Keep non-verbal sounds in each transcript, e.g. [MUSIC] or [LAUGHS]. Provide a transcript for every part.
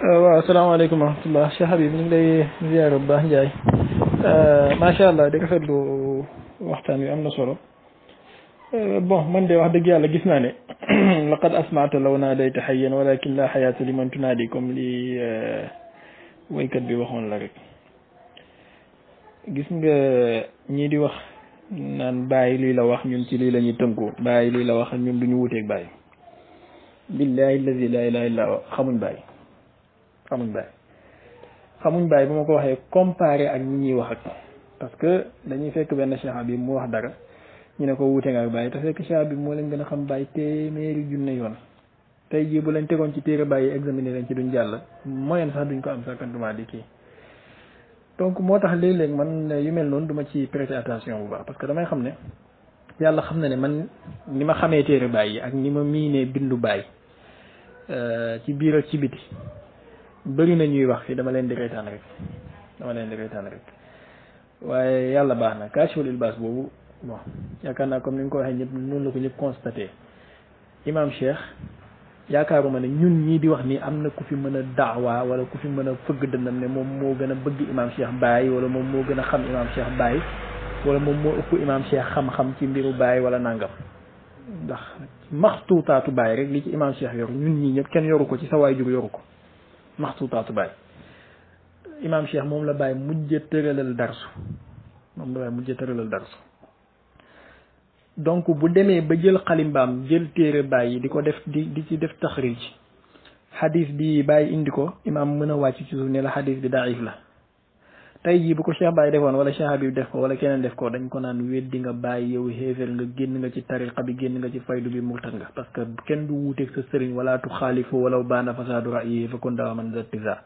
waaw salaamaaleykum wa rahmatulah Cheikh Habib ñu ngi lay bu baax Ndiaye euh, macha allah di rafetlu waxtaan wi am na solo euh, bon man de wax dëgg yàlla gis naa ne [CLEARS THROAT] laqad asmaata law naadayta xayyan walakin laa xayaata liman tunaadi comme li euh, waykat bi waxoon la rek gis nga ñii di wax naan bàyyi lii la wax ñun ci lii la ñuy tënku bàyyi lii la wax ñun du ñu wuuteeg bàyyi. billahi allazi laa xamuñ bàyyi. xamuñ baay xamuñ baay bu ma ko waxee comparé ak ñi ñuy wax ak parce que dañuy fekk benn cheikh bi mu wax dara ñu ne ko wuute nga ak baay te fekk cheikh bi moo leen gën a xam baay téeméeri junne yoon tey jii bu leen tegoon ci téere bàyyi examiné leen ci duñ jàll moyen sax duñ ko am sakantument di kii donc moo tax léeg-léeg man yu mel noonu duma ma ci prêter attention bu baax parce que damay xam ne yàlla xam na ne man ni ma xamee téere bàyyi ak ni ma miinee bindu bàyyi euh, ci biir ci biti bëri na ñuy wax fii dama leen di reetaan rek dama leen di reetaan rek waaye yàlla baax na kaasiful ilbaas boobu bon yaakaar naa comme ni nga ko waxee ñëpp noonu la ko ñëpp constaté imam Cheikh yaakaaruma ne ñun ñii di wax nii am na ku fi mën a daawaa wala ku fi mën a fëgg dëndam ne moom moo gën a bëgg imam Cheikh Baye wala moom moo gën a xam imam Cheikh Baye wala moom moo ëpp imam Cheikh xam-xam ci mbiru Baye wala nangam ndax maxtuutaatu Baye rek li ci imam Cheikh yor ñun ñii ñëpp kenn yoru ko ci sa waajur yoru ko maxsuutaatu Baye imaam Cheikh moom la Baye mujjee tëralal darsu moom la Baye bu demee ba jël xalimbaam jël téere Baye yi di ko def di di ci def ci xadis bi bàyyi indi ko imaam mën a wàcc ci suuf ne la xadis bi daif la. tey jii bu ko Cheikh Baye defoon wala Cheikh Habib def ko wala keneen def ko dañ ko naan weddi nga bàyyi yow xéeféer nga génn nga ci tariqa bi génn nga ci faydu bi murtat nga parce que kenn du wuuteeg sa sëriñ wala tu xaalifu wala baana fasaadu ra'yi fa kun dawa man zattiza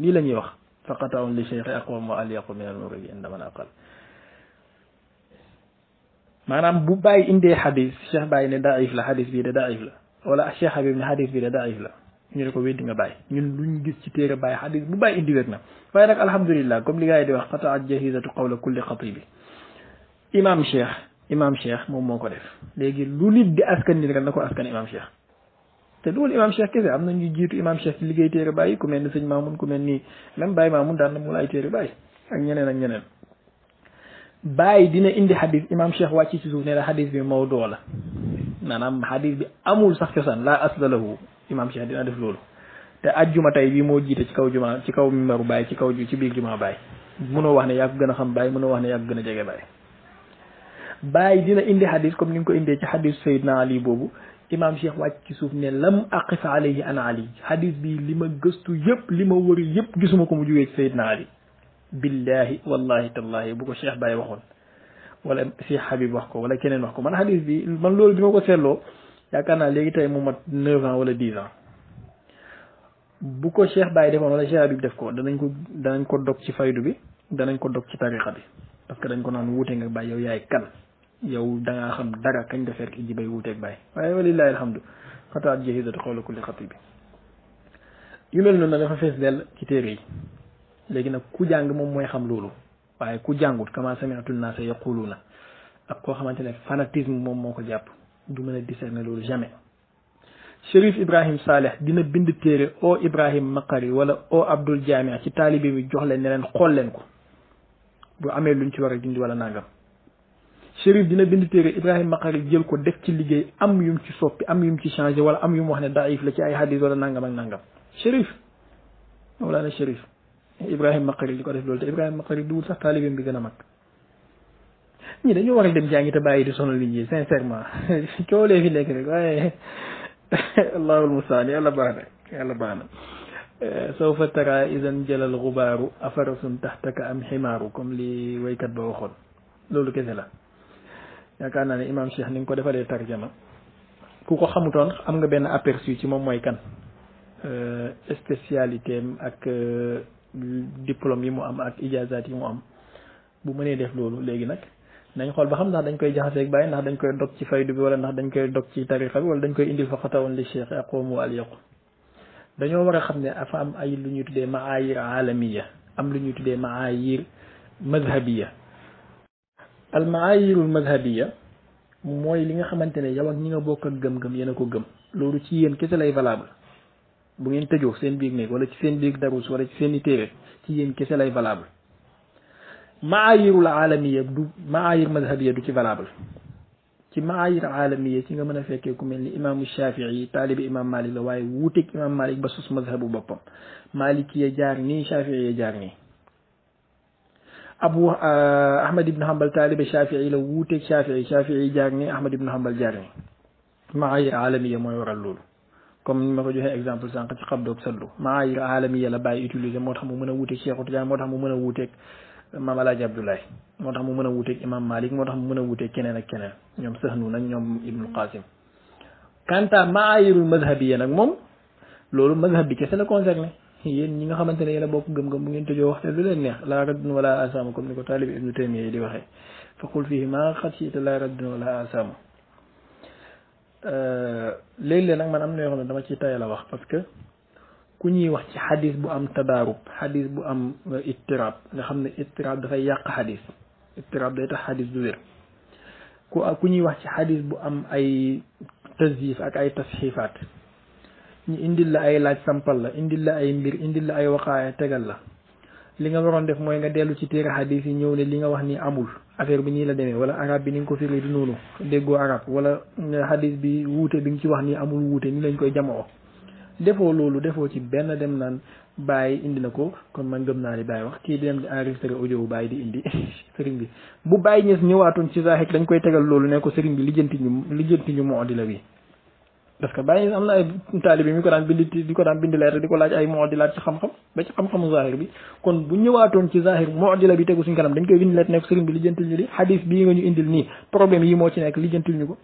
lii la ñuy wax faqataun li cheikhi aqwam wa aliaqu min al muridi inda man aqal maanaam bu bàyyi indee xadis Cheikh Baye ne daif la xadis bii de daif la wala Cheikh Habib ne xadis bii de daif la ñu ne ko weddi nga bàyyi ñun lu ñu gis ci téere bàyyi xadis bu bàyyi indi wér na waaye nag alhamdulilah comme li gars yi di wax xataat jahizatu qawla kulli xatibi imam cheikh imaam cheikh moom moo ko def léegi lu nit di askan ni rek na ko askan imam cheikh te loolu imam cheikh kese am na ñu jiitu imam cheikh ci liggéey téere bàyyi ku mel ni sëñ maamun ku mel ni même bàyyi maamun daan na mu laay téere bàyyi ak ñeneen ak ñeneen bàyyi dina indi xadis imam cheikh wàcc ci suuf ne la xadis maanaam xadis bi amul sax cosaan laa asla lahu imam Cheikh dina def loolu te ajjuma tey bii moo jiite ci kaw juma ci kaw mimbaru Baye ci kaw ci biir juma Baye mënoo wax ne yaa ko gën a xam Baye mënoo wax ne yaa ko gën a jege Baye Baye dina indi xadis comme ni nga ko indee ci xadis Seydina Ali boobu imam Cheikh wàcc ci suuf ne lam aqif alayhi an Ali xadis bi li ma gëstu yëpp li ma wëri yëpp gisuma ko mu jógee ci Seydina Ali billahi wallahi tallahi bu ko Cheikh Baye waxoon wala Cheikh Habib wax ko wala keneen wax ko man xadis man loolu bi ko seetloo yaakaar naa léegi tey mu mat neuf ans wala dix ans bu ko Cheikh Baye defoon wala Cheikh Habib def ko danañ ko danañ ko dog ci faydu bi danañ ko dog ci tariqa bi parce que dañ ko naan wutee nga Baye yow yaay kan yow da xam dara kañ nga fekk ji bay wuuteeg Baye waaye walillahi alhamdu xataat jahidatu xawla kulli xati bi yu mel noonu dafa fees dell ci téere yi léegi nag ku jàng moom mooy xam loolu waaye ku jàngut kama sami'tu naasa yaquluna ak koo xamante ne fanatisme moom moo ko jàpp du di a discerner loolu jamais Chérif Ibrahim Saleh dina bind téere o Ibrahim Makari wala o Abdul Jamia ci taalibe bi jox leen ne xool leen ko bu amee luñ ci war a dindi wala nangam Chérif dina bind téere Ibrahim Makari jël ko dek ci liggéey am yum ci soppi am yum ci changé wala am yum wax ne daif la ci ay hadis wala nangam ak nangam Chérif wala na Chérif Ibrahim Makari ko def loolu te Ibrahim Makari duwul sax taalibeem bi gën a mag. ñi dañu war a dem jàngi te bàyyi di sono nit ñi sincèrement [LAUGHS] coow lee fi nekk rek waaye [LAUGHS] allahul mustaan yàlla baax na yàlla baax na eh, sawfa tara idan jëlal xubaaru afarasun taxtaka am ximaaru comme li waykat ba waxoon loolu kese la yaakaar naa ne imam cheikh ni nga ko defalee tarjama ku ko xamutoon am nga benn aperçu ci moom mooy kan eh, spécialité am ak eh, diplôme yi mu am ak ijazaat yi mu am bu mënee def loolu léegi nag dañ xool ba xam ndax dañ koy jaxaseeg bàyyi ndax dañ koy dog ci faydu bi wala ndax dañ koy dog ci tarixa bi wala dañ koy indil fa xatawan li cheikh aqoomu al yaqu dañoo war a xam ne dafa am ay lu ñuy tuddee maayir alamiya am lu ñuy tuddee maayir madhabiya al maayirul madhabiya mooy li nga xamante ne yow ak ñi nga bokk ak gëm-gëm yéen a ko gëm loolu ci yéen kese lay valable bu ngeen tëjoo seen biir néeg wala ci seen biir darus wala ci seen i ci yéen kese lay valable maayirul alamiya du maayir madhabiya du ci valable ci maayir alamiya ci nga mën a fekkee ku mel ni imaamu Shafii taalibi imaam Malik la waaye wuuteeg imaam Malik ba sos madhabu boppam Malik ya jaar nii Shafii ya jaar nii Abu ah, Ahmad ibn Hanbal taalibi Shafii la wuuteeg Shafii Shafii jaar nii Ahmad ibn Hanbal jaar nii maayir alamiya mooy waral loolu comme ni ma ko joxee exemple sànq ci xab doog saddu maayir alamiya la bàyyi utiliser moo tax mu mën a wuuteeg Cheikh Tidiane moo tax a wuuteeg maam El Hadj Abdoulaye moo tax mu mën a wuteeg imaam Malik moo tax mu mën a wuteeg keneen ak keneen ñoom Sahnu nag ñoom Ibnul Qasim kanta maayirul mazhabiya nag moom loolu mazhab bi kese la concerné yéen ñi nga xamante ne yéen a bokk gëm-gëm bu ngeen tëjoo waxte lu leen neex laa raddun wala asama comme ni ko taalib ibnu taymiya yi di waxee faqul fii maa xasita laa raddun wala asama léeg-léeg nag man am na ne dama ci tayal a wax parce que ku ñuy wax ci xadis bu am tadaarub xadis bu am euh, ittiraab nga xam ne ittiraab dafay yàq xadis ittiraab day tax xadis du wér ku ku ñuy wax ci xadis bu am ay tasif ak ay tasxiifaat ñu indil la ay laaj sampal la indil la ay mbir indi la ay waxaaya tegal la li nga waroon def mooy nga dellu ci téere xadis yi ñëw ne li nga wax ni amul affaire bi nii la demee wala arab bi ni nga ko firi du noonu déggoo arab wala euh, xadis bi wuute bi nga ci wax nii amul wuute ni lañ koy jamoo defoo loolu defoo ci benn dem naan Baye indi na ko kon man gëm naa li Baye wax kii dem di enregistré audio bu Baye di indi sëriñ [LAUGHS] bi bu Baye ñes ñëwaatoon ci zahir dañ koy tegal loolu ne ko bi lijjanti ñu lijjanti ñu mu'tazila bi parce que Baye am na ko daan bindi di ko di ko laaj ay mu'tazilaat ci xam-xam ba ci xam-xamu zahir bi kon bu ñëwaatoon ci zahir mu'tazila bi tegu suñ kanam dañ koy bind lettre ne ko sëriñ bi lijjantil ñu li hadis bii nga ñu indil nii problème yi moo ci nekk lijjantil ñu ko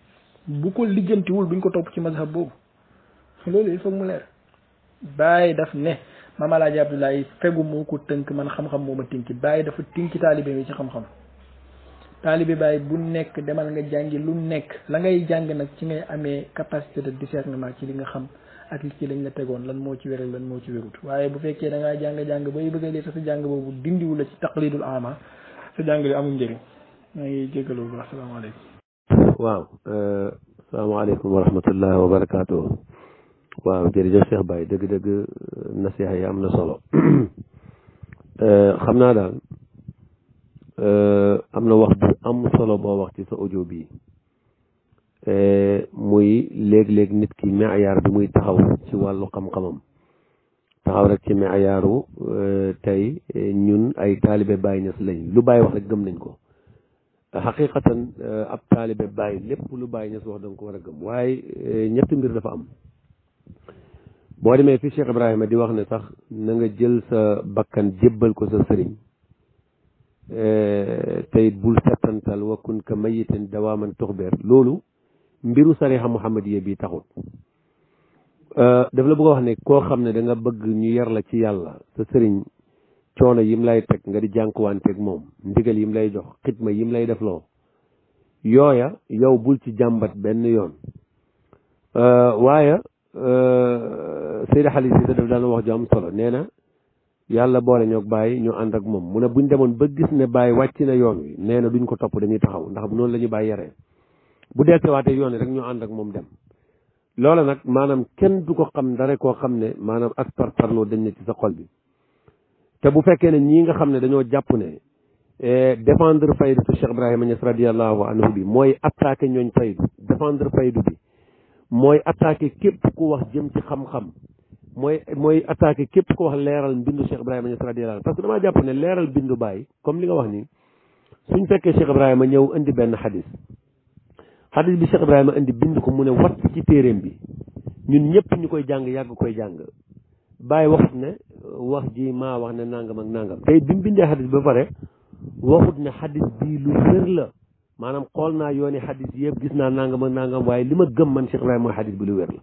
bu ko lijjantiwul buñ ko topp ci mazhab boobu loolu il faut mu leer bàyyi daf ne maam Alaaji Abdoulaye fegu moo ko tënk man xam-xam moom ma tënki bàyyi dafa tënki taalibe bi ci xam-xam taalibe bàyyi bu nekk demal nga jàngi lu nekk la ngay jàng nag ci ngay amee capacité de discernement ci li nga xam ak li ci lañ la tegoon lan moo ci wér lan moo ci wérut waaye bu fekkee da ngaa jàng-jàng bay bëgg a lii sa jàng boobu dindiwu la ci taqlidul ama sa jàng li amul njëriñ maa ngi jégalu bu baax salaamaaleykum waaw euh, salaamaaleykum wa rahmatullah waaw jërëjëf Cheikh Baye dëgg-dëgg nasiha yi am na solo [CLEARS THROAT] euh, xam naa daal euh, am na wax bu am solo boo wax ci sa audio bii euh, muy léeg-léeg nit ki meeyaar bi muy taxaw ci wàllu xam-xamam taxaw rek ci meeyaaru tey ñun ay taalibe Baay Ñas lañ lu bàyyi wax gëm nañ ko xaqiqatan ab taalibe Baay lépp lu Baay Ñas wax danga ko war a gëm waaye ñetti mbir dafa am boo demee fi Cheikh Ibrahima di wax ne sax na nga jël sa bakkan jébbal ko sa sëriñ eh, tey bul settantal wakkun ka mayitan dawaaman tuxbeer loolu mbiru sariha muhammadiya bi taxut eh, daf la bëgg a wax ne koo xam ne da bëgg ñu yar la ci yàlla sa sëriñ coono yim lay teg nga di jànkuwanteeg moom ndigal yim lay dox xitma yim lay def loo yooya yow bul ci jàmbat benn yoon eh, waaye Euh, Seydi Xali si daf daan wax ju am solo nee na yàlla boole ñoog bàyyi ñu ànd ak moom mu ne buñ demoon ba gis ne bàyyi wàcc na yoon wi nee na duñ ko topp dañuy taxaw ndax noonu la ñu bàyyi yaree bu dellusiwaatee yoon wi rek ñu ànd ak moom dem loola nag maanaam kenn du ko xam dara koo xam ne maanaam ak par parloo dañ ne sa xol bi te bu fekkee ne ñii nga xam ne dañoo jàpp ne eh, défendre faydu Cheikh Ibrahima Niass radiallahu anhu bi mooy attaqué ñooñ faydu défendre faydu bi mooy attaqué képp ku wax jëm ci xam-xam mooy mooy attaqué képp ku wax leeral mbindu Cheikh Ibrahima Niass radiyallahu anhu parce que damaa jàpp ne leeral bindu Baye comme li nga wax ni suñ fekkee Cheikh Ibrahima ñëw indi benn xadis xadis bi Cheikh Ibrahima indi bind ko mu ne wat ci téeréem bi ñun ñëpp ñu koy jàng yàgg koy jàng Baye waxut ne wax ji maa wax ne nangam ak nangam. tey bi mu bindee xadis ba pare waxut ne xadis bii lu wér la. maanaam xool naa yooni xadis yëpp gis naa naa nangam ak nangam waaye li ma gëm man Cheikh Ibrahima mooy xadis bi lu wér la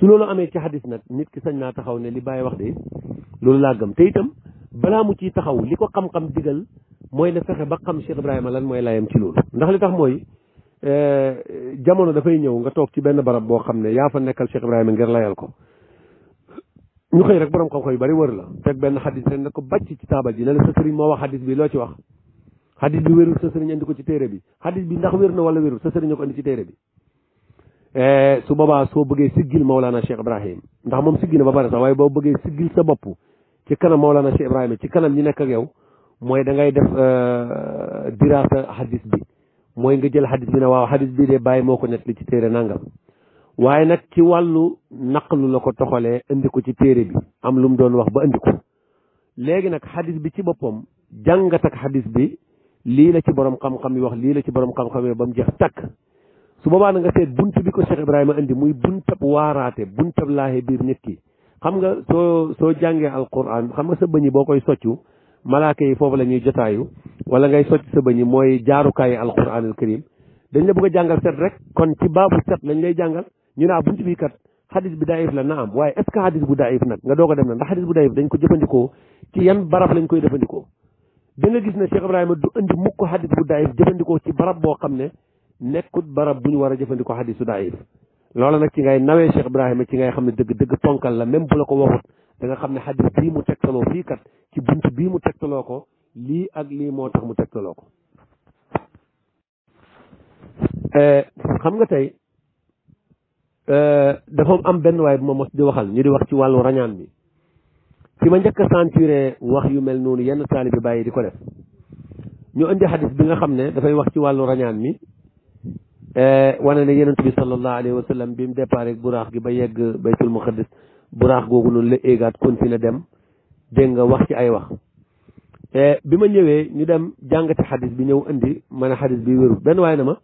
su loolu amee ci xadis nag nit ki sañ naa taxaw ne li bàyyi wax de loolu laa gëm te itam balaa mu ciy taxaw li ko xam-xam digal mooy na fexe ba xam Cheikh Ibrahima lan mooy laayam ci loolu ndax li tax mooy euh, jamono dafay ñëw nga toog ci benn barab boo xam ne yaa fa nekkal Cheikh Ibrahima ngir layal ko ñu xëy rek borom xam bari wër la teg benn xadis rek ne ko bàcc ci taabal ne la moo wax xadis bi loo ci wax xadis bi wérul sa sëriñ andi ko ci téere bi xadis bi ndax wér na wala wérul sa sëriñ ko andi ci téere bi eh, su boobaa soo bëggee siggil Maulana Cheikh Ibrahim ndax moom siggi ba pare sax waaye boo bëggee siggil sa bopp ci kanam Maulana Cheikh Ibrahim ci kanam ñi nekk ak yow mooy dangay def def eh, diraasa xadis bi mooy nga jël xadis bi ne waaw xadis bi de bàyyi moo ko nettali ci téere nangam waaye nag ci wàllu naqlu la ko toxalee indi ko ci téere bi am lu mu doon wax ba indi léegi nag xadis bi ci boppam jàngat ak xadis bi lii la ci borom xam-xam yi wax lii la ci borom xam ba mu jeex takk su boobaa na nga seet bunt bi ko Cheikh Ibrahima indi muy buntab waaraate buntab laaxe biir nit ki xam nga soo soo jàngee al alquran xam nga sa bëñi boo koy soccu malaaka yi foofu la ñuy jotaayu wala ngay socc sa bëñi mooy jaarukaayi alquran al karim dañ la bëgg a jàngal set rek kon ci baabu set lañ lay jàngal ñu naa bunt bi kat xadis bi daif la na am waaye est ce que xadis bu daif nag nga doog dem na ndax xadis bu daif dañ ko jëfandikoo yan barab lañ koy jëfandikoo da gis ne Cheikh Ibrahima du indi mukk xadis bu daif jëfandikoo ci barab boo xam ne nekkut barab bu ñu war a jëfandikoo xadis bu daif loola nag ci ngay nawee Cheikh Ibrahima ci ngay xam ne dëgg dëgg ponkal la même bu la ko waxut da nga xam ne xadis bii mu tegtaloo fii kat ci bunt bii mu tegtaloo ko lii ak lii moo tax mu tegtaloo ko eh, xam nga tey eh, dafa am benn waay bu ma mos di waxal ñu di wax ci wàllu rañaan bi fi ma njëkk a sentiré wax yu mel noonu yenn taalibi bàyyi di ko def ñu indi xadis bi nga xam ne dafay wax ci wàllu rañaan mi eh, wane ne yenent bi sallallahu alayhi wa sallam bi mu départ buraax gi ba yegg baytul muqaddis buraax googu noonu la éegaat continué dem dégg nga wax ci ay wax eh, bi ma ñëwee ñu dem jàngati xadis bi ñëw indi man a xadis bi wérul benn waaye na ma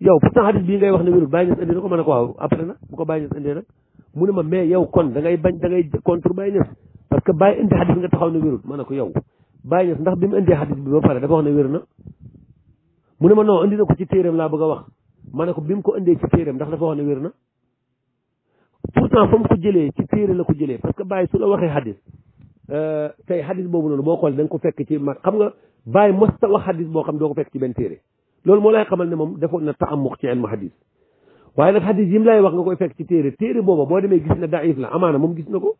yow pourtant xadis bii ngay wax ne wérul bàyyi ñes indi na ko mën a ko waaw après na bu ko bàyyi ñes mu ne ma mais yow kon da ngay bañ da ngay contre bàyyi ñes parce que bàyyi indi xadis nga taxaw ne wérul ma ne ko yow bàyyi ñes ndax bi mu indee xadis bi ba pare dafa wax ne wér na mu ne ma non indi na ko ci téeram laa bëgg a wax ma ne ko bi mu ko indee ci téeram ndax dafa wax ne wér na pourtant fa mu ko jëlee ci téere la ko jëlee parce que bàyyi su la waxee xadis euh, tey xadis boobu noonu boo xoolee da nga ko fekk ci mag xam nga bàyyi mos ta wax xadis boo xam doo ko fekk ci benn téere loolu moo lay xamal ne moom defoon na taamux ci ilmu xadis waaye nag xadis yi wax nga koy fekk ci téere téere booba boo demee gis na daif la moom gis na ko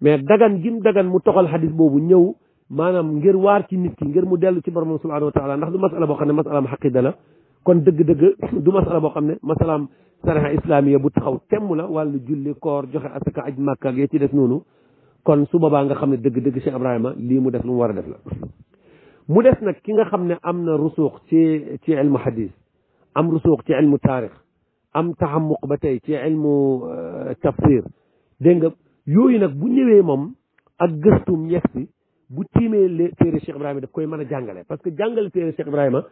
mais dagan gim dagan mu toxal xadis boobu ñëw maanaam ngir waar ci nit ki ngir mu dellu ci borom subhanahu wa taala ndax du masala boo xam ne masalaam xaqida la kon dëgg-dëgg [COUGHS] du masala boo xam ne masalaam sariha islamiya bu taxaw temm la wàllu julli koor joxe asaka aj màkk ak ci def noonu kon su boobaa nga xam ne dëgg-dëgg Cheikh Ibrahima lii mu def lu mu war a def la mu des nag ki nga xam ne am na rusuux ci ci ilmu xadis am rusuux ci ilmu taarix am taxamuq ba tey ci ilmu euh, tafsir dégg nga yooyu nag bu ñëwee moom ak gëstum yegsi bu tiimee le téere Cheikh Ibrahima daf koy mën a jàngale parce que jàngale téere Cheikh Ibrahima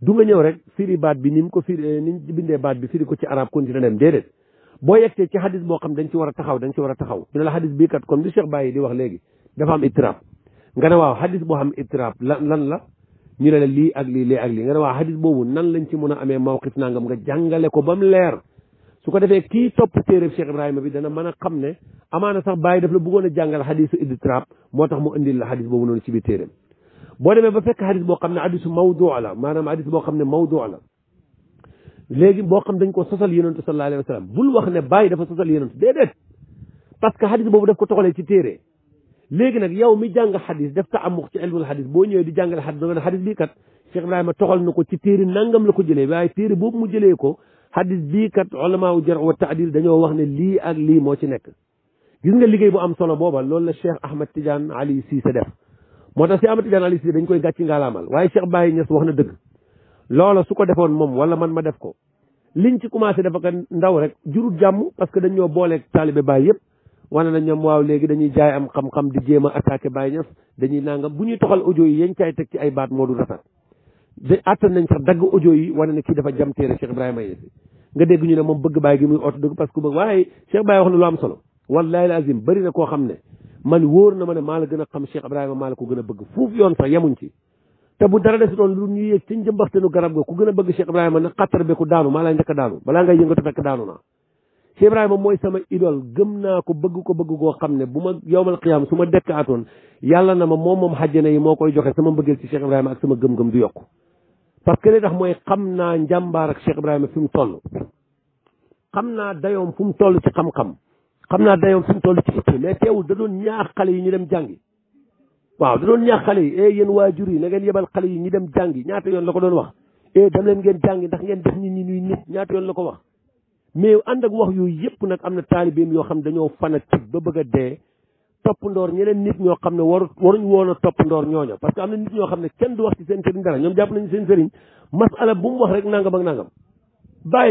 du nga ñëw rek firi baat bi ni mu ko firi eh, ni mu bindee baat bi firi ko ci arab continué dem déedéet boo yegtee ci xadis boo xam dañ ci war a taxaw dañ ci war a taxaw ñu ne la xadis bii kat comme li Cheikh Baye di wax léegi dafa am itirab nga ne waaw xadis boo xam itirab lan lan la ñu ne la lii ak lii lii ak lii ne waaw xadis boobu nan lañ ci mën a amee mawqif nangam nga jàngale ko ba leer su ko defee kii topp téereb Cheikh Ibrahima bi dana mën a xam ne amaana sax bàyyi daf la bëggoon a jàngal xadisu iddi trap moo tax mu indil la xadis boobu noonu ci biir téeréem boo demee ba fekk xadis boo xam ne xadisu mawdu la maanaam xadis boo xam ne mawdu la léegi boo xam dañ ko sosal yonentu sallallahu alayhi wa sallam bul wax ne bàyyi dafa sosal yonentu déedéet parce que xadis boobu daf ko toxalee ci téere léegi nag yow mi jàng xadis def ta amux ci ilmul boo ñëwee di jàngale xadis da nga ne xadis bii kat Cheikh Ibrahima toxal ko ci téere nangam la ko jëlee waaye téere boobu mu jëlee ko xadis bii kat ulama wu jar wa taadil dañoo wax ne lii ak lii moo ci nekk gis nga liggéey bu am solo booba loolu la Cheikh Ahmed Tidiane Ali Cissé def moo tax Cheikh Ahmed Tidiane Ali Cissé dañ koy gàcci ngaalaamal waaye Cheikh Baye Niass wax na dëgg loola su ko defoon moom wala man ma def ko liñ ci commencé dafa ko ndaw rek jurut jàmm parce que dañoo booleeg taalibe Baye yëpp wane na ñoom waaw léegi dañuy jaay am xam-xam di jéem ak attaqué Baye Niass dañuy nangam bu ñuy toxal audio yi yañ teg ci ay baat moo du rafet de àttan nañ sax dagg audio yi wane ne kii dafa jam téere Cheikh Ibrahima Niass nga dégg ñu ne moom bëgg bàyyi gi muy oot dëgg parce que bëgg waaye Cheikh Baye wax am solo wallahi lazim bëri na koo xam ne man wóor na ma ne maa la gën a xam Cheikh Ibrahima maa la ko gën a bëgg foofu yoon sax yemuñ ci lu ñu yëg ci njëmbaxtenu garab ga ku gën a bëgg Cheikh Ibrahima na xattar beku daanu maa laa njëkk a daanu balaa ngay yëngatu fekk daanu naa Cheikh Ibrahima mooy sama idole gëm naa ko bëgg ko bëgg koo xam ne bu ma yowmal xiyaam su ma dekk atoon yàlla na ma moom moom xajjana yi moo koy joxe sama mbëggeel ci Cheikh Ibrahima ak sama gëm-gëm du yokku parce que li tax mooy xam naa njàmbaar ak Cheikh Ibrahima fi mu toll xam naa dayoom fu mu toll ci xam-xam xam naa dayoom fi mu toll ci itte mais teewul da doon ñaax xale yi ñu dem jàngi waaw da doon ñaax xale yi e yéen yi na ngeen yebal xale yi ñu dem jàngi ñaata yoon la ko doon wax e leen ngeen jàngi ndax ngeen def nit ñi ñuy nit ñaata yoon la ko wax mais ànd ak wax yooyu yëpp nag am na taalibeem yoo xam dañoo fanatique ba bëgg a dee topp ndoor ñeneen nit ñoo xam ne waru waruñ woon a topp ndoor ñooña parce que am na nit ñoo xam ne ken du wax ci seen sëriñ dara ñoom jàpp nañu seen sëriñ masala bu mu wax rek nangam ak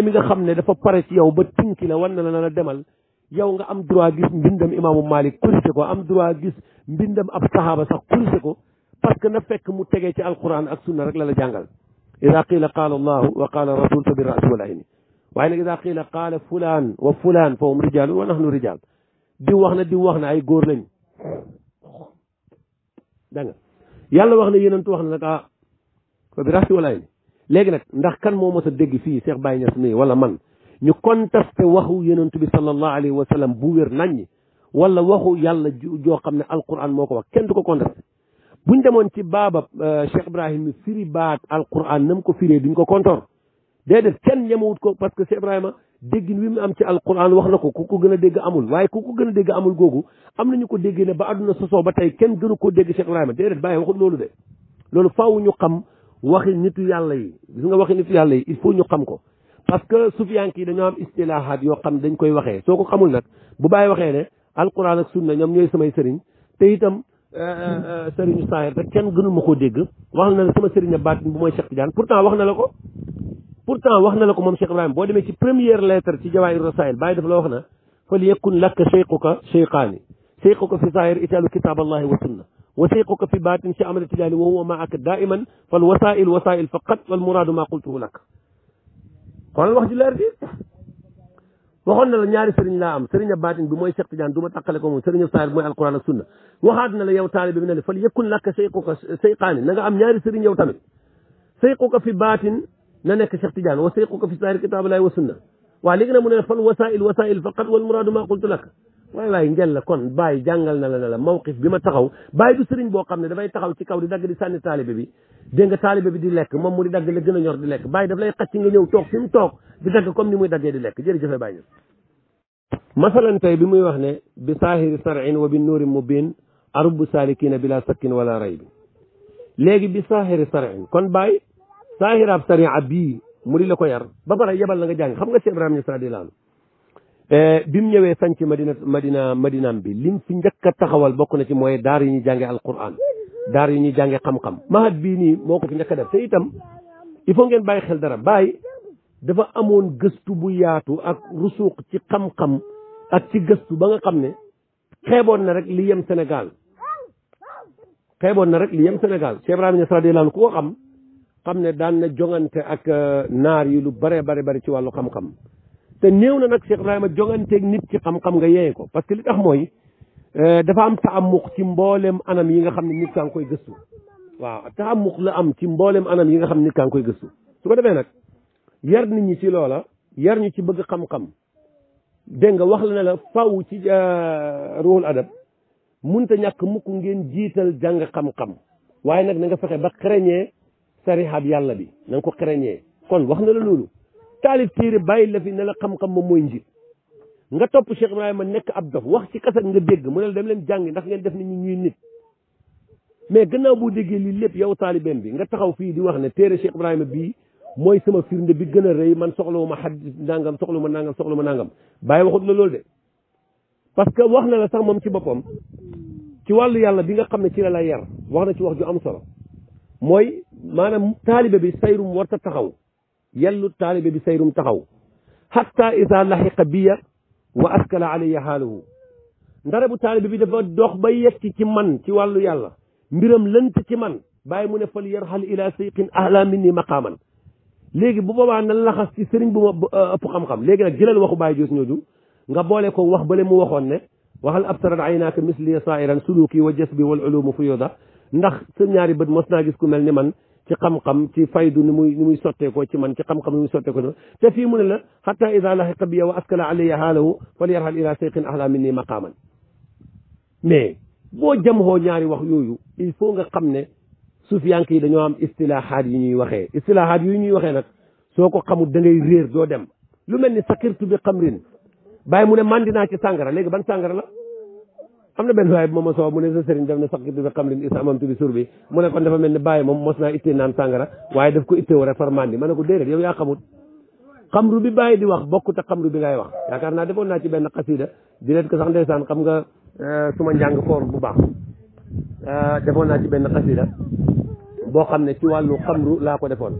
mi nga xam ne dafa pare ci yow ba tinki la wan na la demal yow nga am droit gis mbindam imaamu Malik corrigé ko am droit gis mbindam ab sahaaba sax corrigé ko parce que na fekk mu tegee ci alquran ak sunna rek la la jàngal ida qila qaala allahu wa qaala rasul fa bi raasi wal ayni waaye nag ida qila qaala fulaan wa fulaan fa hum rijaalun wa nahnu di wax na diw wax na ay góor lañ danga yàlla wax na yonentu wax na nag ah ko bi raxsi walaay ndax kan moo mos a dégg fii Cheikh bàyyi Niass mii wala man ñu contesté waxu yonentu bi sallallahu alayhi wa sallam bu wér naññ wala waxu yàlla joo xam ne alquran moo ko wax kenn du ko contesté buñ demoon ci baaba euh, Cheikh Ibrahim firi baat alquran na mu ko firee duñ ko kontoor déedéet kenn ñemewut ko parce que Ibrahima déggin wi mu am ci al alquran wax na ko ku ko gën a dégg amul waaye ku ko gën a dégg amul googu am nañu ko déggee ne ba àdduna sosoo ba tey kenn gënu koo dégg Cheikh Ibrahima déedéet bàyyi waxul loolu de loolu faaw ñu xam waxi nitu yàlla yi nga waxi nitu yàlla il faut ñu xam ko parce que sufiyank yi dañoo am istilahaat yoo xam dañ koy waxee soo ko xamul nag bu bàyyi waxee ne alquran ak sunna ñoom ñooy samay sëriñ te itam euh, euh, euh, sëriñu saahir rek kenn gënu ma koo dégg wax na ne sama sëriñ a baatin bu mooy Cheikh pour pourtant wax na la ko pourtant wax na la ko moom Cheikh Ibrahima boo demee ci première lettre ci jawaahiru rasail bàyyi dafa la wax na fal yakun lakka cheyquka cheyqaani cheyquka fi zahir itaalu kitab allahi wa sunna wa cheyquka fi batin si amada tijaani wa huwa maaka daiman fal wasail wasail faqat wal muraadu ma qultuhu lak xoolal wax ji leer bi waxoon na la ñaari sëriñ laa am sëriñ ab baatin bi mooy Cheikh Tidiane du ma tàqale ko moom sëriñ ab saayir bi mooy alquran ak sunna waxaat na la yow taalibe bi ne la fal yakun lakka sayquka sayqaani na nga am ñaari sëriñ yow tamit sayquka fi baatin na nekk Cheikh Tidiane wasiquka fi saari kitaabillahi wa sunna waaw léegi nag mu ne fal wasail wasail faqat wal muraadu ma qultu lak waay waay ngel la kon bàyyi jàngal na la ne la mawqif bi ma taxaw bàyyi du sëriñ boo xam ne dafay taxaw ci kaw di dagg di sànni taalibe bi dégg nga taalibe bi di lekk moom mu di dagg la gën a ñor di lekk bàyyi daf lay xacc nga ñëw toog fi mu toog di dagg comme ni muy daggee di lekk jërëjëfe bàyyi masalan tey bi muy wax ne bi saahiri sarin wa bi nuuri mubin arubu salikina bila sakkin wala ray bi léegi bi saahiri sarin kon bàyyi saahiraab sariya bii mu di la ko yar ba pare yebal la nga jàng xam nga si Ibrahima Niass radiyallaahu eh, bi mu ñëwee sanc madina madina madinaam bi lim fi njëkk taxawal bokk na ci mooy daar yi ñuy jàngee alquran daar yi ñu jàngee xam-xam mahad bii nii moo ko fi njëkk def te itam il faut ngeen bàyyi xel dara bàyyi dafa amoon gëstu bu yaatu ak rusuuq ci xam-xam ak ci gëstu ba nga xam ne xeeboon na rek li yem senegal xeeboon na rek li yem Sénégal Cheikh Ibrahima Niass radiyallaahu xam ne daan na jongante ak euh, naar yi lu bare bare bare ci wàllu xam-xam te néew na nag Cheikh Ibrahima jonganteeg nit ci xam-xam nga yee ko parce que li tax mooy euh, dafa am taamuq ci mbooleem anam yi nga xam ne nit kaa koy gëstu waaw taamuq la am ci mbooleem anam yi nga xam ne nit koy gësu su ko defee nag yar nit ñi ci loola yar ñu ci bëgg xam-xam dégg nga wax la ne la faw ci euh, ruhul adab munta ñàkk mukk ngeen jiital jàng xam-xam waaye nag na nga fexe ba xereñee sarihab yàlla bi na nga ko craigner kon wax na la loolu taalif téere bàyyi la fi na la xam-xam moom mooy njit nga topp Cheikh Ibrahima nekk ab dof wax ci kaset nga dégg mu ne la dem leen jàngi ndax ngeen def ni ñu ñuy nit mais gannaaw boo déggee lii lépp yow taalibeem bi nga taxaw fii di wax ne téere Cheikh Ibrahima bii mooy sama firnde bi gën a rëy man soxlawu ma xadis nangam soxla ma nangam soxlawu ma nangam bàyyi waxut la loolu de parce que wax na la sax moom ci boppam ci wàllu yàlla bi nga xam ne ci la yar wax na ci wax ju am solo mooy maanaam taalibe bi sayrum warta taxaw yellu taalibe bi sayrum taxaw xatta ida laxiqa biya wa askala alayya xaaluhu ndare bu taalibe bi dafa dox ba ki ci man ci wàllu yàlla mbiram lënt ci man bàyyi mu ne fal yarxal ila sayqin ahla minni maqaaman léegi bu boobaa na laxas ci sëriñ bu ma euh, ëpp xam-xam léegi nag jëlal waxu Baye Diouf ñooju nga boole ko wax bale mu waxoon ne waxal absarat aynaaka misliya sairan suluki wa jasbi wal ulumu fuyuda ndax sa ñaari bët mos naa gis ku mel ni man ci xam-xam ci faydu ni muy ni muy sotteekoo ci man ci xam-xam ni muy sotteekoo ci man te fii mu ne la xata ida laxiqa biya wa askala alayya haalahu fal yarhal ila seyqin ahla min ni maqaaman mais boo jamhoo ñaari wax yooyu il faut nga xam ne sufiyank yi dañoo am istilahaat yi ñuy waxee istilahaat yi ñuy waxee nag soo ko xamul da ngay réer doo dem lu mel ni sakirtu bi xamrin bàyyi mu ne mandi ci sàngara léegi ban sàngara la am na benn waaye bu ma mos a mu ne sa sëriñ def na sax bi xam leen isa amamtu bi suur bi mu ne dafa mel ni bàyyi moom mos naa ittee naan sàngara waaye daf ko itteewu rek farmandi ma ne ko déedéet yow yaa xamut xamru bi bàyyi di wax bokkut ak xamru bi ngay wax yaakaar naa defoon naa ci benn xasida di ko sax ndeysaan xam nga eh, suma njàng foor bu baax eh, defoon naa ci benn xasida boo xam ne ci wàllu xamru laa ko defoon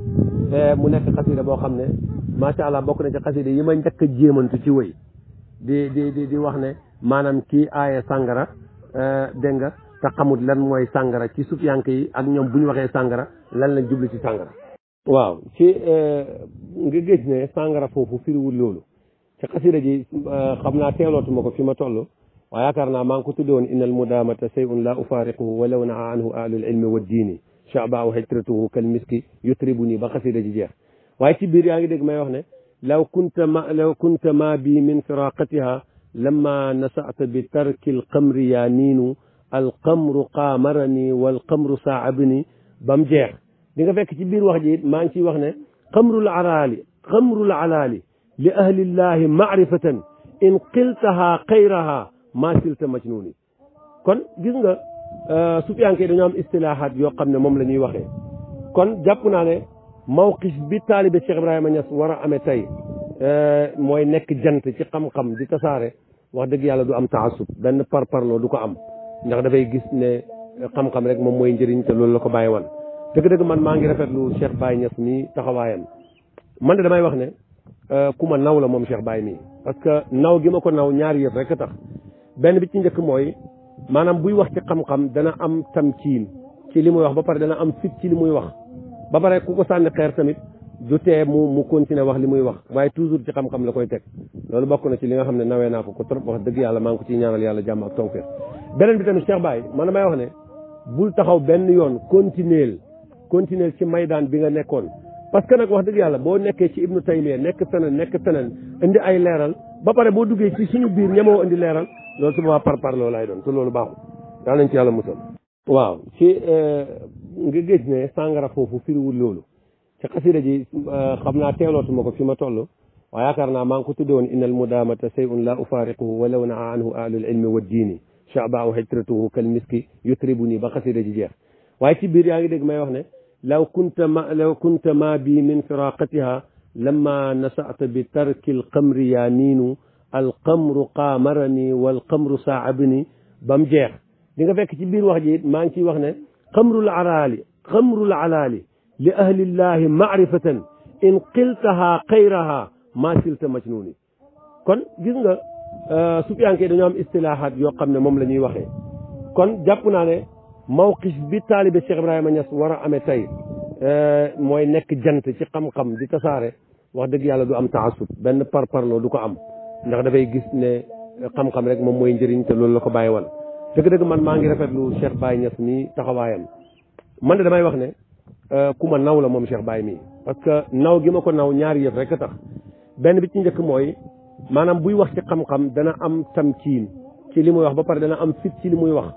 te mu nekk xasida boo xam ne macha allah bokk na ci xasida yi ma njëkk a jéemantu ci wëy di di di di wax ne maanaam kii aaye sàngara euh, dégg nga te xamut lan mooy sàngara ci sufiyank yi ak ñoom bu ñu waxee sàngara lan lañ jublu ci sàngara waaw ci euh, nga gis ne sàngara foofu firiwul loolu ci xasida ji euh, xam naa teelootuma ko fi ma toll waaye yaakaar naa maa ngi ko tudde woon innal mudaamata shay'un la ufaariquhu walaw naa anhu ahlul ilmi wa diini shaabaahu hijratuhu kal miski yutribu nii ba xasida ji jeex waaye ci biir yaa ngi dégg may wax ne law kunta ma law kunta ma bi min firaqatiha lama nasaata bi tarki alxamri yaa niinu alxamru xaamarani walxamru saabini ba mu jeex di nga fekk ci biir wax ji maa ngi ciy wax ne xamrul alaali xamrul alaali li ahlillahi maarifatan in qiltahaa xayraha maa silta majnuuni kon gis nga euh, sufiyanke yi dañoo am istilaahaat yoo xam ne moom la ñuy waxee kon jàpp naa ne mawqif bi taalibe Cheikh Ibrahima Niass war a amee tey euh, mooy nekk jant ci xam-xam di tasaare wax dëgg yàlla du am taasub benn parparloo du ko am ndax dafay gis ne xam-xam rek moom mooy njëriñ te loolu la ko bàyyi woon dëgg-dëgg man maa ngi rafetlu seex Baye Niass mii taxawaayam man de damay wax ne euh, ku ma naw la moom Cheikh Baye mii parce que naw gi ma ko naw ñaari yëf rek tax benn bi ci njëkk mooy maanaam buy wax ci xam-xam dana am tamkiin ci li muy wax ba pare dana am fit ci li muy wax ba pare ku ko sànni xeer tamit du tee mu mu continuer wax li muy wax waaye toujours ci xam-xam la koy teg loolu bokk na ci li nga xam ne nawee naa ko ko trop wax dëgg yàlla maa ko ciy ñaanal yàlla jàmm ak tawfeex bi tamit Cheikh Baye man damay wax ne bul taxaw benn yoon continuer continuer ci maydaan bi nga nekkoon parce que nag wax dëgg yàlla boo nekkee ci Ibnu Taymiya nekk feneen nekk feneen indi ay leeral ba pare boo duggee ci suñu biir indi leeral loolu su boobaa par lay doon te loolu baaxul daa nañ ci yàlla musal waaw ci euh, nga gis ne sàngara foofu firiwul loolu ca xasida ji euh, xam naa teelootuma ko fi ma toll waa yaakaar naa maa ngi ko tudde woon innal mudaamata shay'un la ufaariquhu walaw naa anhu ahlul ilmi wa diini shaabaahu hijratuhu kal miski yutribuni ba xasida ji jeex waaye ci biir yaa ngi dégg may wax ne law kunta ma law kunta ma bi min firaqatiha lamma nasata bi tarki alqamri yaa niinu alqamru qaamarani walqamru saabani bam jeex di nga fekk ci biir wax ji it maa ngi ciy wax ne xamrul alaali xamrul alaali li ahlillahi maarifatan in qiltaha xayraha ma silta majnuni kon gis nga sufiyanke yi dañoo am istilahaat yoo xam ne moom la ñuy waxee kon jàpp naa ne mawqif bi taalibe Cheikh Ibrahima Niass war a amee tey mooy nekk jant ci xam-xam di tasaare wax dëgg yàlla du am taasub benn parparloo du ko am ndax dafay gis ne xam-xam rek moom mooy njëriñ te loolu la ko bàyyi woon dëgg-dëgg man maa ngi rafetlu Cheikh Baye Niass nii taxawaayam man de damay wax ne Euh, ku ma naw la moom Cheikh Baye mii parce que naw gi ma ko naw ñaari yëf rek a tax benn bi ci njëkk mooy maanaam buy wax ci xam-xam dana am tamkiin ci li muy wax ba pare dana am fit ci li muy wax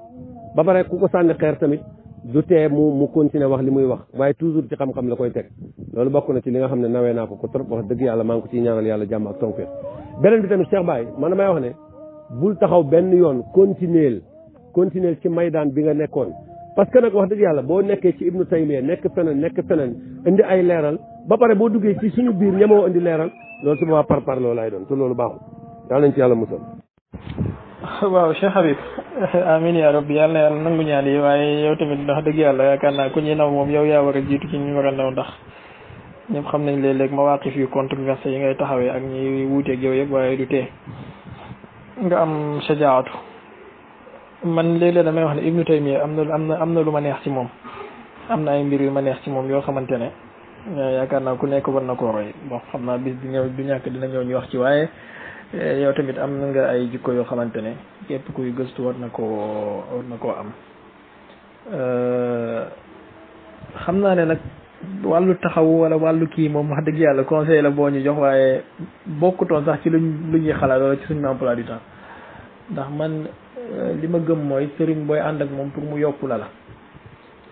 ba pare ku ko sànni xeer tamit du tee mu mu continuer wax li muy wax waaye toujours ci xam-xam la koy teg loolu bokk na ci li nga xam ne nawee naa ko ko trop wax dëgg yàlla maa ngi ko ciy ñaanal yàlla jàmm ak tawfeex beneen bi tamit Cheikh Baye man damay wax ne bul taxaw benn yoon continuer continuer ci maydaan bi nga nekkoon parce que nag wax dëgg yàlla boo nekkee ci ibnu taymiya nekk feneen nekk feneen indi ay leeral ba pare boo duggee ci suñu biir ñemoo indi leeral loolu su boobaa par par loolu lay doon te loolu baaxul yàlla nañ ci yàlla musal [LAUGHS] waaw Cheikh Habib [LAUGHS] amin yaa rabbi yàlla na nangu ñaan yi waaye yow tamit ndax dëgg yàlla yaakaar naa ko ñuy naw moom yow yaa war a jiitu ci ñu war a naw ndax ñëpp xam nañ léeg-léeg mawaqif yu controversé yi ngay taxawee ak ñi wuuteeg yow yëpp waaye du tee nga am man léeg-léeg damay wax ne Ibnu Taymiya am na am na am na lu ma neex ci moom am na ay mbir yu ma neex ci moom yoo xamante ne eh, yaakaar naa ku nekk war na koo roy bon xam naa bis bi ñëw du ñàkk dina ñëw ñu wax ci waaye eh, yow tamit am ay jikko yoo xamante ne képp kuy gëstu war na koo na koo am eh, xam naa ne nag wàllu taxawu wala wàllu kii moom wax dëgg yàlla conseil la boo ñu jox waaye bokkutoon sax ci luñ lu ñuy xalaat wala ci suñu emploi du temps ndax man Euh, li ma gëm mooy sëriñ booy ànd ak moom pour mu yokku la la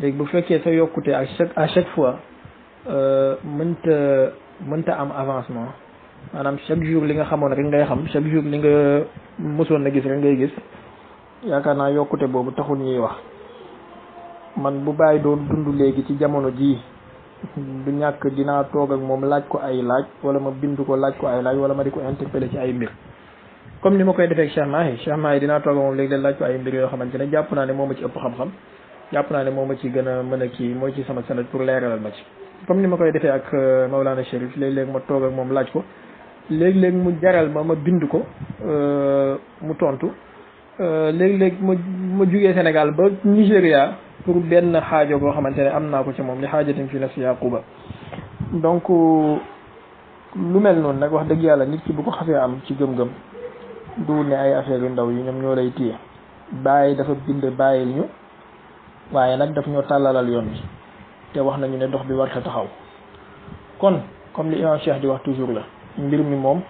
léegi bu fekkee sa yokkute ak chaque à chaque fois euh, mënta mënta am avancement maanaam chaque jour li nga xamoon rek ngay xam chaque jour li nga mësoon na gis rek ngay gis yaakaar naa yokkute boobu taxul ñuy wax man bu bàyyi doon dund léegi ci jamono jii du ñàkk dinaa toog ak moom laaj ko ay laaj wala ma bindu ko laaj ko ay laaj wala ma di ko interpeller ci ay mbir comme ni ma koy defee ak Cheikh Mahi Cheikh Mahi dinaa toog moom léegi laaj ko ay mbir yoo xamante jàpp naa ne moo ma ci ëpp xam-xam jàpp naa ne moo ma ci gën a mën a kii moo ci sama sanad pour leeralal ma ci ni ma koy defee ak euh, Maulana Chérif léeg-léeg ma toog ak moom laaj ko léeg-léeg mu jaral ma ma bind ko euh, mu tontu euh, léeg-léeg ma ma jugee Sénégal ba Nigéria pour benn xaajo boo xamante ne am naa ko ci moom li xaajatim fi nafsi ba donc lu mel noonu nag wax dëgg yàlla nit ki bu ko xasee am ci gëm-gëm duwul ne ay affaire yu ndaw yi ñoom ñoo lay téye bàyyi dafa bind bàyyil ñu waaye nag daf ñoo tàllalal yoon bi te wax nañu ne dox bi warta taxaw kon comme li imam Cheikh di wax toujours la mbir mi moom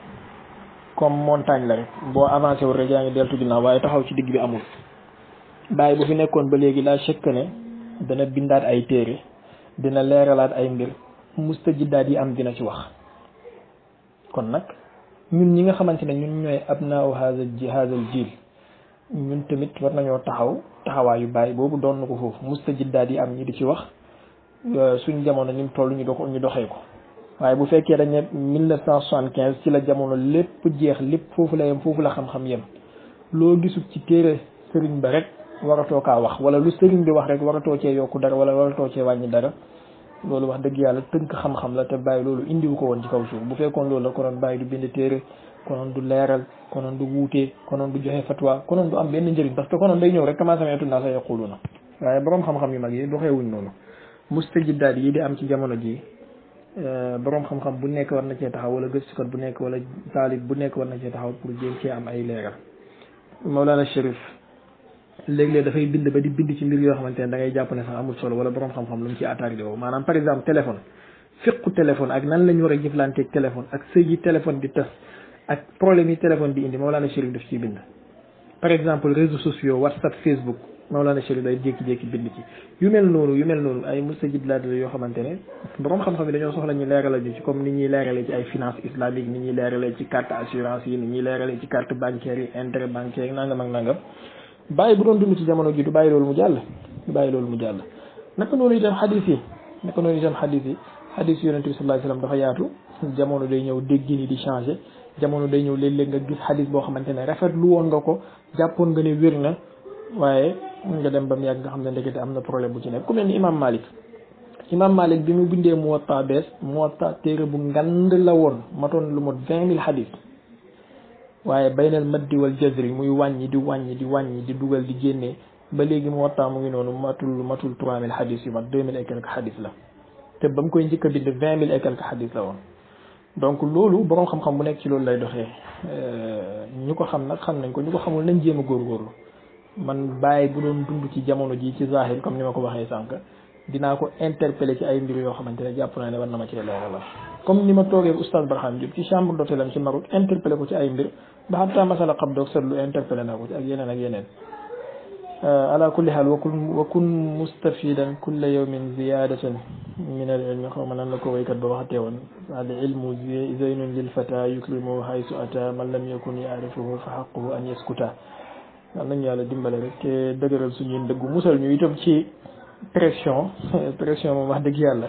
comme montagne la rek boo avancé wul rek yaa ngi deltu ginnaaw waaye taxaw ci digg bi amul bàyyi bu fi nekkoon ba léegi laa chekk ne dana bindaat ay téere dina leeralaat ay mbir mustajiddaat yi am dina ci wax kon nag ñun ñi nga xamante ne ñun ñooy abnaaw haazal jiil ñun tamit war nañoo taxaw taxawaay yu bàyyi boobu doon na ko foofu mustajiddaat yi am ñi di ci wax euh, suñ jamono ni mu toll ñu dox ñu doxee ko waaye bu fekkee dañ ne mille neuf cent quinze ci la jamono lépp jeex lépp foofu la yem foofu la xam-xam yem loo gisul ci téere sëriñ ba rek waratoo kaa wax wala lu sëriñ bi wax rek waratoo cee yokku dara wala waratoo cee wàññi dara loolu wax dëgg yàlla tënk xam-xam la te bàyyi loolu indiwu ko woon ci kaw suuf bu fekkoon loolu la konoon bàyyi du bind téere konoon du leeral konoon du wuute konoon du joxe fatwa konoon du am benn njëriñ parce que konoon day ñëw rek commencé meetu naa sa yaqulu na waaye borom xam-xam yu mag yi doxeewuñ noonu mustajidaat yi di am ci jamono ji euh, borom xam-xam bu nekk war na cee taxaw wala gëstukat bu nekk wala taalib bu nekk war na cee taxaw pour jéem cee am ay leeral Mawlana Chérif léeg dafay bind ba di bind ci mbir yoo xamante ne da ngay jàpp ne sax amul solo wala borom xam-xam lu mu ci attaque di woo maanaam par exemple téléphone fiqu téléphone ak nan la war a jëflanteeg téléphone ak sëy yi téléphone di tas ak problème yi téléphone di indi Mawlana Chérif daf ciy bind par exemple réseaux sociaux WhatsApp Facebook Mawlana Chérif day jékki-jékki bind ci yu mel noonu yu mel noonu ay mustajilaat la yoo xamante ne borom xam-xam yi dañoo soxla ñu leeralal ñu ci comme ni ñuy leeralee ci ay finance islamique ni ñuy leeralee ci carte assurance yi ni ñuy leeralee bàyyi bu doon dund ci jamono ji du bàyyi loolu mu jàll du bàyyi loolu mu jàll naka noonu itam xadis yi naka noonu itam xadis yi xadis yonent bi sallallahu alayhi wasallam dafa yaatu jamono day ñëw déggin yi di changé jamono day ñëw léeg-léeg nga gis xadis boo xamante ne rafet lu woon nga ko jàppoon nga ne wér na waaye nga dem ba mu yàgg nga xam ne ndekete am na problème bu ci nekk ku mel ni imam Malik imam Malik bi mu bindee Muwatta bees Muwatta téere bu ngand la woon matoon lu mot vingt mille xadis waaye baynal maddi wal jazri muy wàññi di wàññi di di dugal di génnee ba léegi mu wattaa mu ngi noonu matul matul trois mille xadis yu mat deux mille et quelques xadis la te ba mu koy njëkk a bind vingt mille et quelques xadis la woon donc loolu boroom xam-xam bu nekk ci loolu lay doxee euh, ñu ko xam nag xam nañ ko ñu ko xamul nañ jéem a góorgóorlu man bàyyi bu doon dund ci jamono ji ci zahir comme ni ma ko waxee sànq dinaa ko interpeller ci ay mbir yoo xamante ne jàpp naa ne war na ma cee leeralal comme ni ma toogee oustaz Barham Diop ci chambre d'hôtel am ci Maroc interpeller ko ci ay mbir ba xatta masala xam doog seetlu interpeller naa ko ci ak yeneen ak yeneen euh, ala kulli xaal wakun wakun mustafidan kulla yawmin ziyadatan min al ilmi xaw ma nan la ko waykat ba waxatee woon al ilmu zeynun lil fata yukrimu haysu ata man lam yakun yaarifuhu fa xaquhu an yaskuta yal nañu yàlla dimbale rek te dëgëral suñuy ndëggu musal ñu itam ci pression [LAUGHS] pression moom wax dëgg yàlla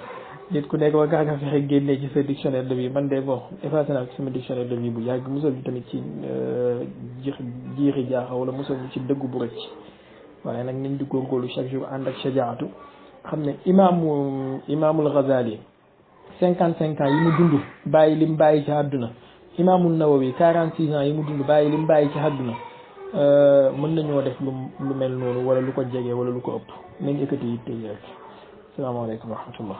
nit ku nekk war ngaa ko fexe génnee ci sa dictionnaire de vie man de boo effacé naa ci sama dictionnaire de vie bu yàgg musal ñu tamit ci euh, jiix jiixi jaaxa wala musal ñu ci dëggu bu rëcc waaye nag nañ di góorgóorlu chaque jour ànd ak sajaatu xam ne imaamu imaamul Ghazali cinquante cinq ans yi mu dund bàyyi li mu bàyyi ci àdduna imaamul Nawawi quarante six ans yi mu dund bàyyi lim bàyyi ci àdduna Euh, mën nañoo def lu lu mel noonu wala lu ko jege wala lu ko ëpp nañ yëkkati yitte yi rek salaamaaleykum wa rahmatullah